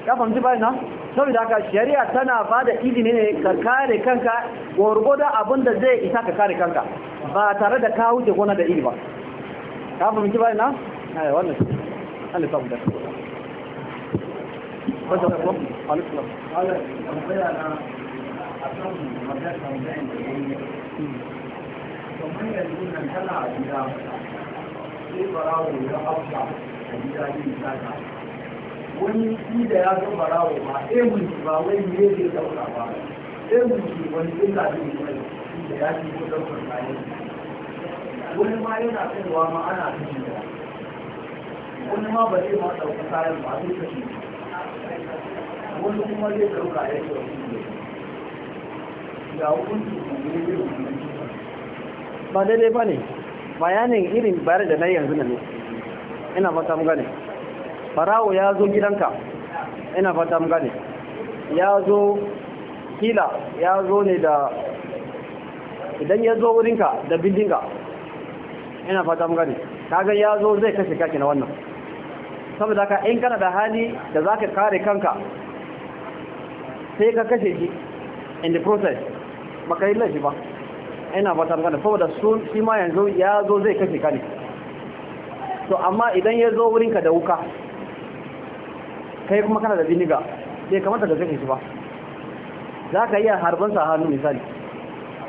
kafan ji bani na saboda haka shari'a tana bada izini ne ka kare kanka gorgoda da zai isa ka kare kanka ba tare da ka wuce gona da iri ba kafin ji bani na haya wannan shi an lissafi da shi wanda na kuma alikulam kamar yanzu nan tana a gida sai barawo ya hausa a gida yin sata wani shi da ya zo barawo ba emun ba wai ne zai dauka ba emun shi wani zai zaɓi ne da ya ci ko daukar kayan wani ma yana kaiwa ma ana kashe wani ma ba zai ma ɗauka kayan ba zai kashe wani kuma zai ɗauka ya ce wasu ne ga hukunci ne zai hukunci ba daidai ba ne bayanin irin bayar da na yanzu na ne ina fata mu gane farawo ya zo gidanka ina fata mu gane ya zo kila ya zo ne da idan ya zo wurinka da bindinka ina fata mu gane kaga ya zo zai kashe kake na wannan saboda ka in kana da hali da za ka kare kanka sai ka kashe shi in the process baka yi laifi ba ina ba magana saboda sun shi ma yanzu ya zo zai kashe ka ne to amma idan ya zo wurinka da wuka kai kuma kana da biniga bai kamata ka kashe shi ba za ka iya harban sa hannu misali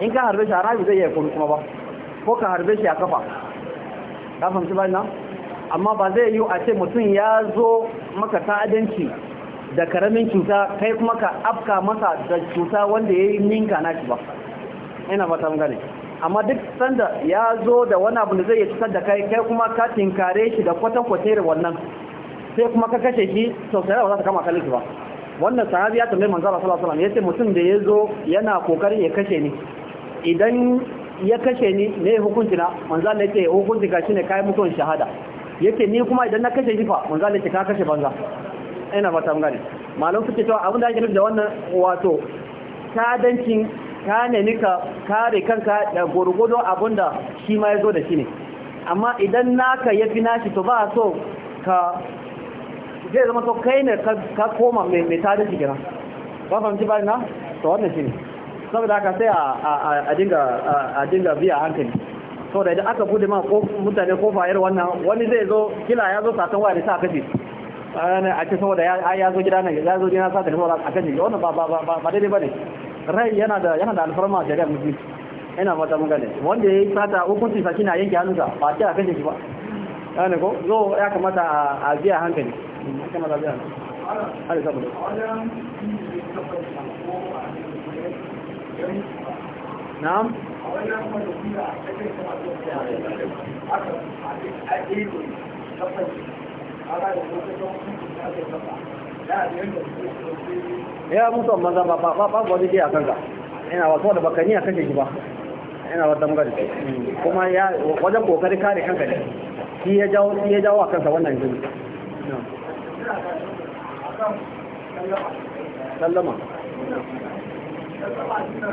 in ka harbe shi a rabi zai iya kuma ba ko ka harbe shi a kafa ka fahimci ba nan amma ba zai yiwu a ce mutum ya zo maka ta'adanci da karamin cuta kai kuma ka afka masa da cuta wanda ya yi ninka na ba ina ba ta amma duk sanda ya zo da wani abu da zai yi cutar da kai kai kuma ka tinkare shi da kwatan da wannan sai kuma ka kashe shi sosai ba za ta kama ka ba wannan sahabi ya tambayi manzara sallallahu alaihi wasallam yace mutum da ya zo yana kokarin ya kashe ni idan ya kashe ni ne hukunci na manzara ce hukunci gashi ne kayan mutum shahada yake ni kuma idan na kashe jifa fa manzo Allah ka kashe banza ina ba ta gane malum suke cewa abin da ake nufi da wannan wato dancin ka nemi ka kare kanka da gurgudo abinda shi ma ya zo da shi ne amma idan naka ya fi nashi to ba so ka zai zama to kai ne ka koma mai tare shi gina ba fahimci ba na to wannan shi ne saboda haka sai a dinga biya hankali so da idan aka bude ma mutane kofa fayar wannan wani zai zo kila ya zo satan waya da sa a ce saboda ya zo gida nan ya zo gida a wannan yana da yana da alfarma shari'ar musulmi ina mata mun gane wanda sata hukunci na yanke hannunsa ba ce a shi ba ko zo ya kamata a biya hankali biya hankali na'am ya mutu amma za ba ba ba ba a kanka ba wasu da baka ni a kanka ki ba yana ba muka da kuma ya wajen kokari kare kanka ne shi ya jawo shi ya jawo a kansa wannan jini sallama السلام عليكم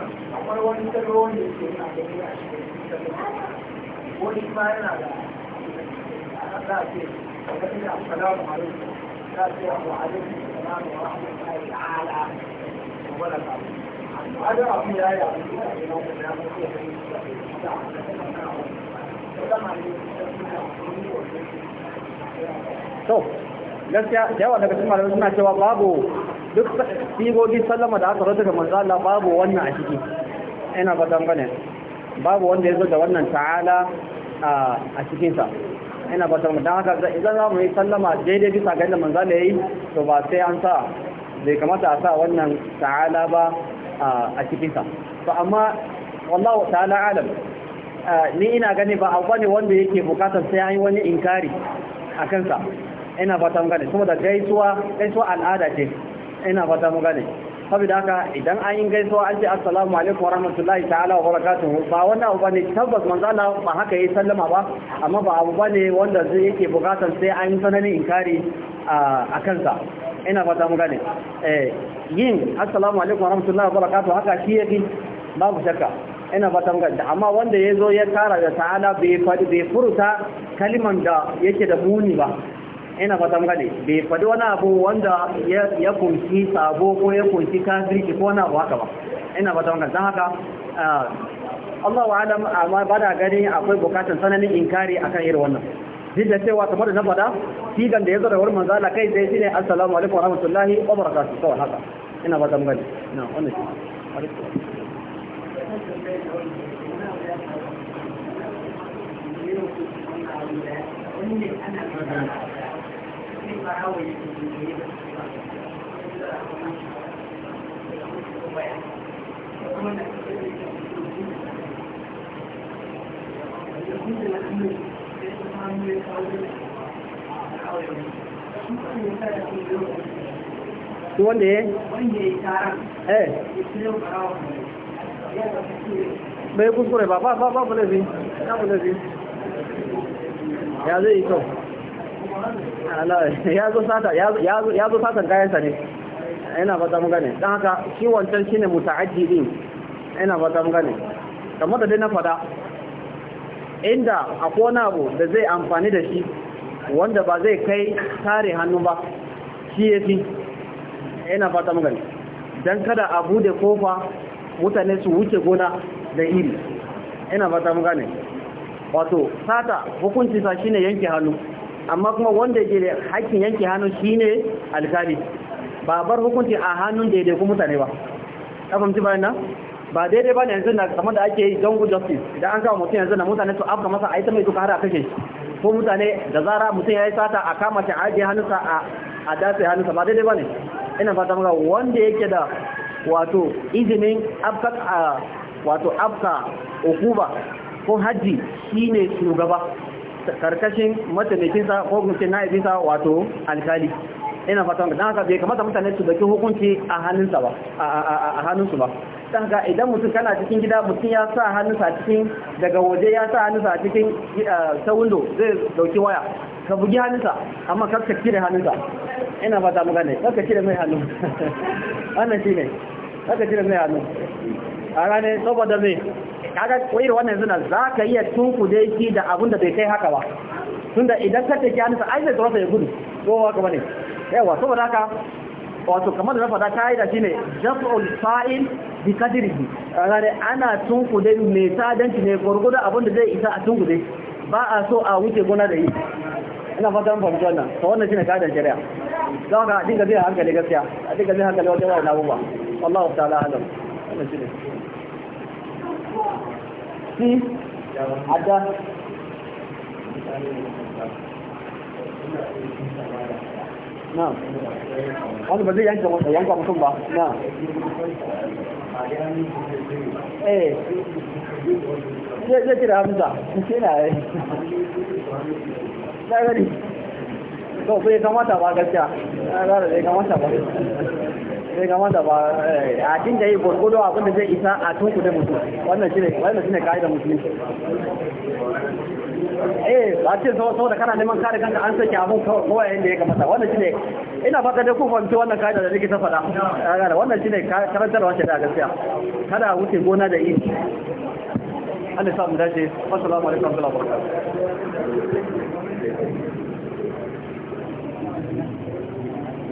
ورحمة الله وبركاته. هذا أبي لا يعلم أنه من أهل الخير في السماء. هذا ما يقول. طب، لسه جوا نبي سمع لو سمع جوا بابو duk sigogi sallama da aka rata manzo Allah babu wannan a ciki ina fatan bane babu wanda ya zo da wannan ta'ala a cikin sa ina fatan mu dan haka idan za mu yi sallama daidai bisa ga yadda manzo Allah yayi to ba sai an sa zai kamata a sa wannan ta'ala ba a cikin sa to amma wallahu ta'ala alam ni ina gani ba abu ne wanda yake bukatar sai an yi wani inkari a kansa ina fatan gane saboda gaisuwa gaisuwa al'ada ce ina fata mu gane saboda haka idan an yi gaisuwa an ce assalamu alaikum wa rahmatullahi ta'ala wa barakatuh ba wani abu bane tabbas manzo Allah ba haka yayi sallama ba amma ba abu bane wanda zai yake bukatar sai an yi sananin inkari a kansa ina fata mu gane eh yin assalamu alaikum wa rahmatullahi wa barakatuh haka shi yake babu shakka ina fata mu gane amma wanda yazo ya kara da ta'ala bai fadi bai furuta kaliman da yake da muni ba ina fatan gane bai faɗi wani abu wanda ya kunshi sabo ko ya kunshi kafirci ko wani abu haka ba ina fatan gane don haka ah, Allah wa alam amma ba da gani akwai bukatar sananin inkari akan irin wannan duk da cewa kamar da na faɗa sigan da ya zo da wurin manzo Allah kai dai shine assalamu alaikum wa rahmatullahi wa barakatuh to haka ina fatan gane na wannan shi Thank you. wanda eh bai kuskure ba ba ba ba ba ya zai yi kyau ya zo satan kayansa ne yana fata mun gane don haka shi wancan shi ne muta'addi din yana fata gane kamar da dai na fada inda akwai wani abu da zai amfani da shi wanda ba zai kai tare hannu ba shi ya fi yana fata mun gane don kada a bude kofa mutane su wuce gona da iri yana fata gane wato sata hukuncinsa shine yanke hannu amma kuma wanda ke da hakkin yanke hannu shine alkali ba bar hukunci a hannun daidai ku mutane ba ka fahimci bayan nan ba daidai ba ne yanzu na kamar da ake yi jungle justice idan an kawo mutum yanzu na mutane su afka masa a yi ta mai duka har a kashe ko mutane da zara mutum ya yi sata a kama shi a ajiye hannunsa a dace hannunsa ba daidai ba ne ina fata maka wanda yake da wato izinin afka wato afka okuba ko hajji shine shugaba karkashin mataimakinsa ko gunce na'ibinsa wato alkali ina fatan dan haka bai kamata mutane su daki hukunci a hannunsa ba a hannunsu ba dan haka idan mutum kana cikin gida mutum ya sa hannunsa cikin daga waje ya sa hannunsa cikin eh, ta window zai dauki waya ka bugi hannunsa amma kar ka cire hannunsa ina fata mu gane kar ka cire mai hannu (laughs) wannan shine kar ka mai hannu kaga ne saboda zai kaga koyar wannan zina za ka iya tunkude shi da abin da bai kai haka ba tunda idan ka take hannunsa ai zai tsoro ya gudu ko haka ne, yawa saboda haka wato kamar da na ta yi da shi ne jaf'ul fa'il bi kadirihi rare ana tunkude mai sadanci ne gwargwado abin da zai isa a da ba a so a wuce gona da yi ina fata mun fahimci wannan to wannan shine kadan shari'a za haka dinga zai hankali gaskiya a dinga zai hankali wajen wannan abubuwa wallahu ta'ala alam wannan sí ada na wani ba zai yanka mutum ba na eh zai kira hamza to bai kamata ba gaskiya bai kamata ba sai ga wanda ba eh, a dinga yi gwargwado abin da zai isa a tun kuɗe mutu wannan shi ne wannan shi ne ka'idar musulunci eh ba ce so so saboda kana neman kare kanka an sake abun kawai yadda ya kamata wannan shi ne ina fata dai ku fahimci wannan ka'idar da nake ta faɗa wannan shi ne karantarwa ce da gaskiya kada wuce gona da yi Allah ya sa mu dace assalamu alaikum wa rahmatullahi